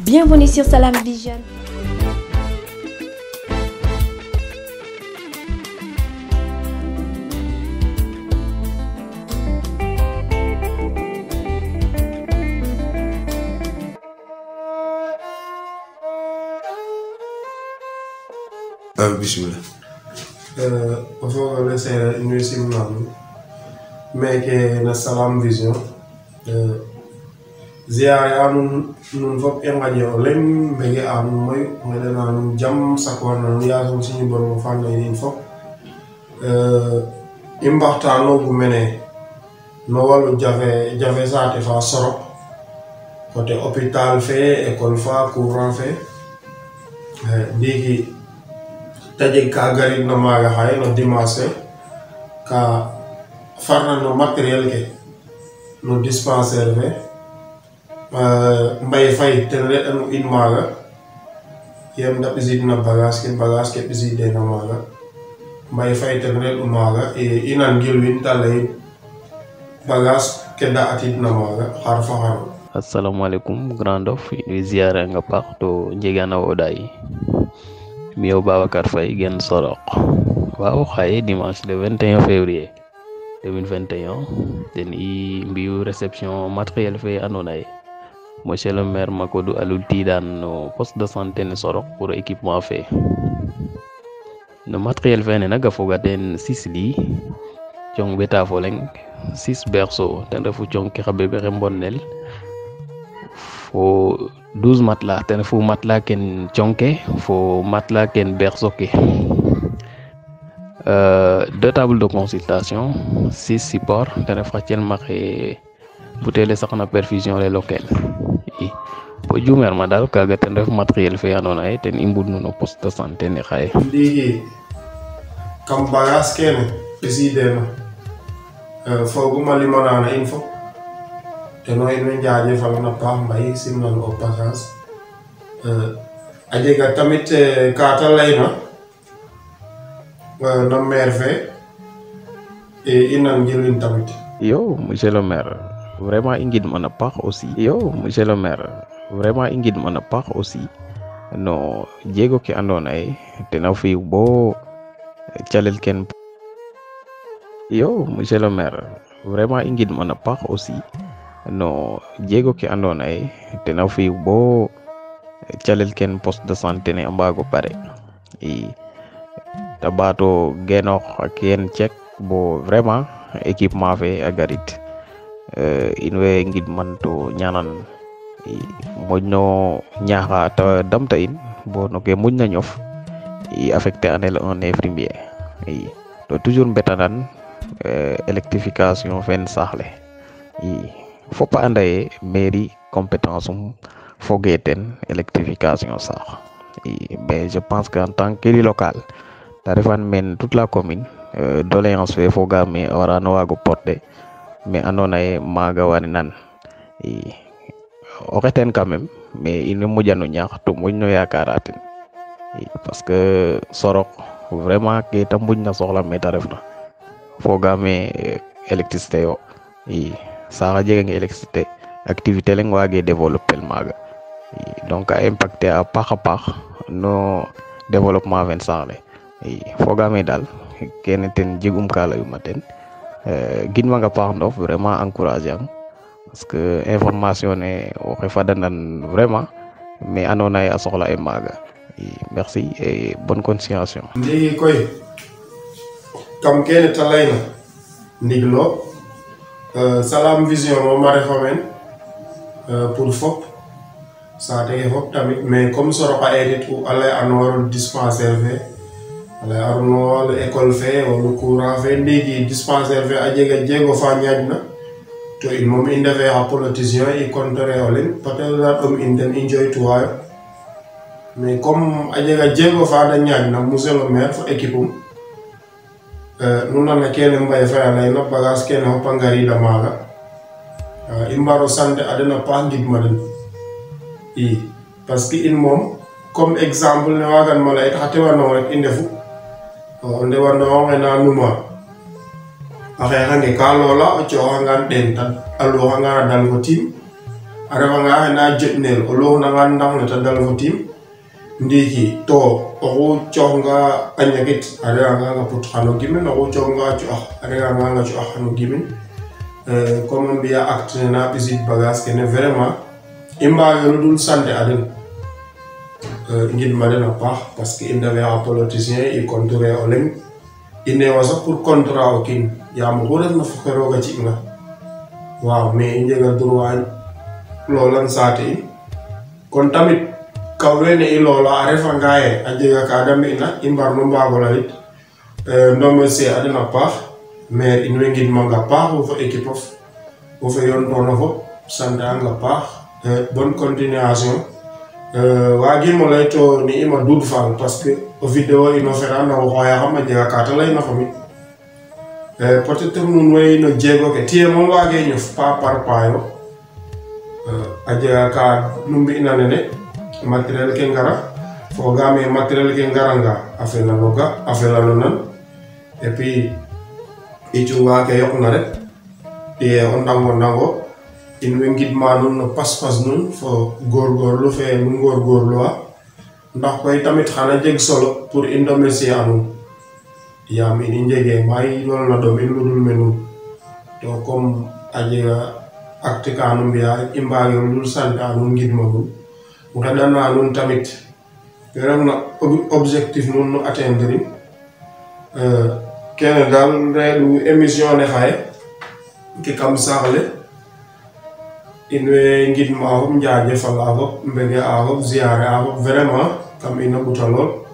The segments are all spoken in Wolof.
Bienvenue sur Salam Vision. waaw bisimilah. o fogole seereer in way simnaa nuun meeke na Salam Vision euh, ziyaare anum nun fof e ngaƴo leŋ mbege anum mayu meɗana num jam sakoana num yasum siñi borom fannayi in fof i mbaxtanogu mene no walu jafe jafe saate fa sorop côté hôpital fe école fa courant fe ndiiki ta jeg ka garidna maaga xaye no dimanche fe ka farna no matériel ke no dispensaire fe Euh, Mbaye Faye tenre ɗam in maaga yam da ɓisidna bagage ke bagage ke ɓisidena maaga Mbaye Faye ten reɗ'u maaga eh, i nangilwin ta layin bagage ke da atidna maaga xar fo xaro assalamu aleykum grand of i ziare anga paax to njegana wo ɗaay mi yo Babacar Faye gen Sorokh waaw xaye dimanche le 21 février ten i mbi'u réception matériel fe andoona yee monsieur le maire Makodou Alioune Tidane no poste de santé ne pour équipement fe no matériel fene nak a foga teen six lits cong ɓeta fo leŋ six berceau ten refu cong ke xa bébé xe mbonel fo douze matelas ten refu matelas ken cong ke fo matelas ken berceau ke euh, deux tables de consultation six supports ten ref xa celmaxe butele saqna perfusion le locale ko jumerma dal kaga ten ref matériel fe andoona yee ten i mbudnu no poste de santé ne xaye ndiiki kam bagage kene ɓisiideena euh, foogum a limanaana in fop teno in way njaajëfalan a paax mbay simnan au passage euh, a jega tamit euh, kaa layna no maire fe i nan jëlin tamit yo monsieur le maire vraiment i ngidman a paax aussi yo monsieur le maire vraiment i ngidman a paax aussi no jeego ke andoona yee ten a fi'u bo calel ke iyo monsieur le maire vraiment i ngidman a pax aussi no jeego ke andoona yee ten a fi'u bo calel ke post de santé ne a mbaag o pare i ta ɓaat o genoox ak yeen bo vraiment équipement fe a garit eh, in ngidman to ñaanan moƴno ñaaxa ta damta in bo no ke moƴna ñof i affecté anel un infirmier i to toujours mbetanan électrification fen saaxle i fop a anda ye mairie compétence um foge ten électrification saax i mais je pense que en tant qu'élu local ta refan meen toute la commune doléance fe fogaam me a warano waag o porter mais andoona yee maaga warinan i o xeten quand même mais in way moƴano ñaax to moƴno yakara ten parce que Sorokh vraiment ke ta na soxla me ta refna fogaame eh, électricité yo saax a jeganga électricité activité leŋ waage développer maaga donc a impact a paax a paax no développement fen saax le i fogaame daal kene ten jeg'um ka layuma ten eh, ginwanga paax Ndof vraiment encourager parce que information ne oxe fadanan vraiment mais andoona yee a soxla e maaga merci et bonne continuation ndiiki koy kam kene ta layna ndigilo euh, Salam Vision moom a refo meen euh, pour fop saate ke fop tamit mais comme soroqa e u a lay anoor dispensaire fe a lay anoor école fe wala courant fe ndiiki dispensaire fe a jega jego fa ñaaj to in mom in ndefee xa politicien i contrer o leŋ peut-être a ɗom in den i njoytuwaayo mais comme a jega jeego fa da ñaaƴ na monsieur le maire fo équipe um nu nana kene Mbaye Faye a layna bagage kene fop a ngariida maaga i mbar o sant a den a paax ngidma den i parce que in moom comme exemple ne waagan ma layit xa tewanong rek i ndefu o ndewanongo nge na numaa a xeexange ka loola o cooxangaan ɗen ta a looxangaan a dal fo tiim a refanga xena joɗnel o looxnangaan ndax ne ta dal fo tiim ndiiki to oxu cooxnga a ñagit a reganganga put xano gimin oxu cooxnga a cu'ax a reganganga cu'ax xano gimin euh, comme a mbi'a acte ne na ɓisid bagage kene vraiment i mbaageeru dul sante a den euh, ngidma den a paax parce que i ndefee xa politicien i contre o leŋ i neewa sax pour contrat o kiin yaa mo hoɗatno fokkeroga jiɗga waaw mais i njega droit lolan saate in kon tamit kaw wene i loola a refanga ye a jega ka da mbi'na i mbarno mbaago layit euh, ndomercier a den a paax maire in way ngidmanga paax wo fo équipe of wo yoon toona fop sante'anga paax euh, bonne continuation euh, waagimo lay to ni'im a Doudou Fall parce que o vidéo ino ferana wo xooyaxam a jega ka ta layna fo mi Eh, peut être mun wayno jeegoke tiye moom waage ñof pas par pas yo a jega ka nu mbi'na nene matériel ke ngara fogaame matériel ke ngaranga a felanoga a felanonan et puis i cunga ke yoqna rek iye o ndango ndango in way ngidma nuun no pas-pas nuun fo góorgóorlu fe nu ngóorgóorluwa ndax koy tamit xana jeg solo pour i remercier yam iɗin jege mayi ɗonna ɗo min luɗul menu to comme a jega acte ka nu mbiya i mbaage ɗul sante a nuun ngidma ɗum nqeɗana nuun tamit ke refna objectif nuun nu atteindre euh, kene daal reeɗu émission ne xaye ke kam saaxle in way ngidma fop njaajefala fop mbege a ziare a fop vraiment kam ina ɓuta lool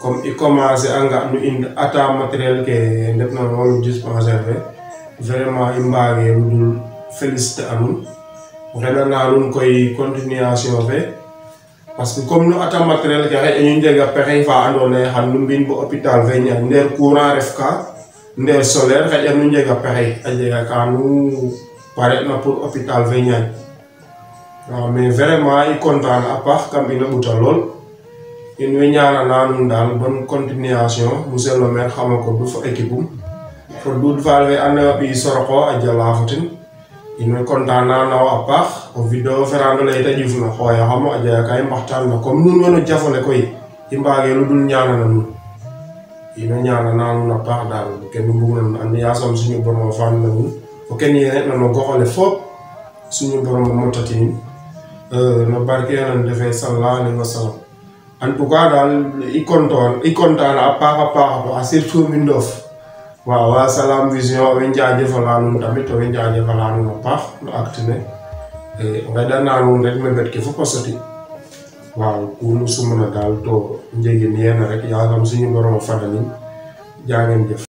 comme i commencé anga nu in ata matériel ke ndefna wonu dispensaire fe vraiment i mbaage dul félicité anun xenana nun koy continuation fe parce que comme nu ata matériel ke xay eñu njega pexey fa ando naye xan nu mbin bo hôpital fe ñaay ndeer courant ref ka ndeer solaire xaƴa nu njega pexey a jega ka nu pare na pour hôpital fe ñaay waaw mais vraiment i content a paax kam ina ɓuta lool te ñuy ñaanal naanum daal bonne continuation mu le maire xamal ko du fa équipe am fo duut faalwe andoona ye i soroko a jala foten in way content na a paax o vidéo fe andoona yee ta ƴuufna xooyaxamo a jega ka i mbaxtaan na comme nuun wene jafole koy i mbaage lu dul ñaanana nuun in way ñaanana nuun a paax daal ken nu mbugna nuun and yaasam suñu borom o faanna nuun fo ken yene'na no goxole fop suñu borom o motatinin euh, no barke yonen defe sallallahu alayhi en tout cas daal i kontaan a paax a paax a paax surtout Mbindof waaw waa Salam Vision owey njajëfala nuun tamit owey njajëfala nuun a paax no acte ne nqeɗana eh, nuun rek mebet ke fop a soti waaw kunu sumana daal to njegin yeena rek yaasam suñu borom a fadanin jaa ngeen jëf